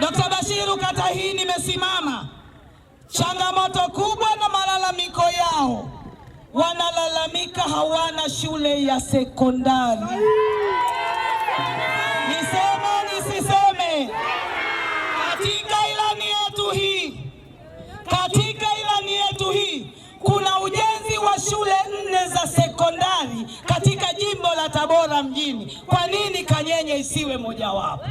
Dkt. Bashiru, kata hii nimesimama, changamoto kubwa na malalamiko yao, wanalalamika hawana shule ya sekondari. Niseme nisiseme, katika ilani yetu hii, katika ilani yetu hii kuna ujenzi wa shule nne za sekondari katika jimbo la Tabora mjini. Kwa nini Kanyenye isiwe mojawapo?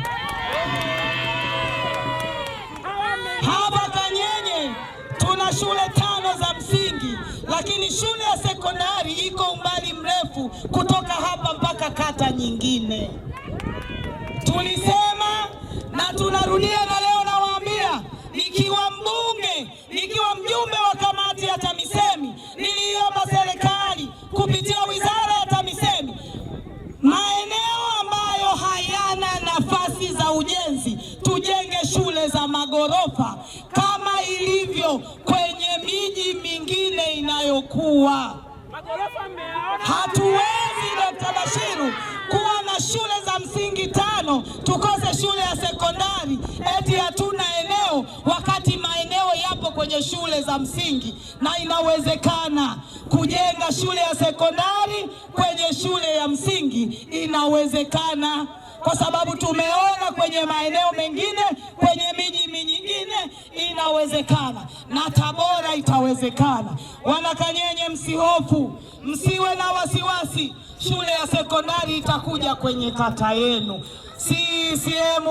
shule tano za msingi, lakini shule ya sekondari iko umbali mrefu kutoka hapa mpaka kata nyingine. Tulisema na tunarudia, na leo nawaambia, nikiwa mbunge, nikiwa mjumbe wa kamati ya TAMISEMI, niliomba serikali kupitia wizara ya TAMISEMI maeneo ambayo hayana nafasi za ujenzi kama ilivyo kwenye miji mingine inayokuwa. Hatuwezi Dr. Bashiru kuwa na shule za msingi tano tukose shule ya sekondari eti hatuna eneo, wakati maeneo yapo kwenye shule za msingi, na inawezekana kujenga shule ya sekondari kwenye shule ya msingi, inawezekana kwa sababu tumeona kwenye maeneo mengine kwenye inawezekana na Tabora itawezekana. Wanakanyenye, msihofu, msiwe na wasiwasi, shule ya sekondari itakuja kwenye kata yenu. CCM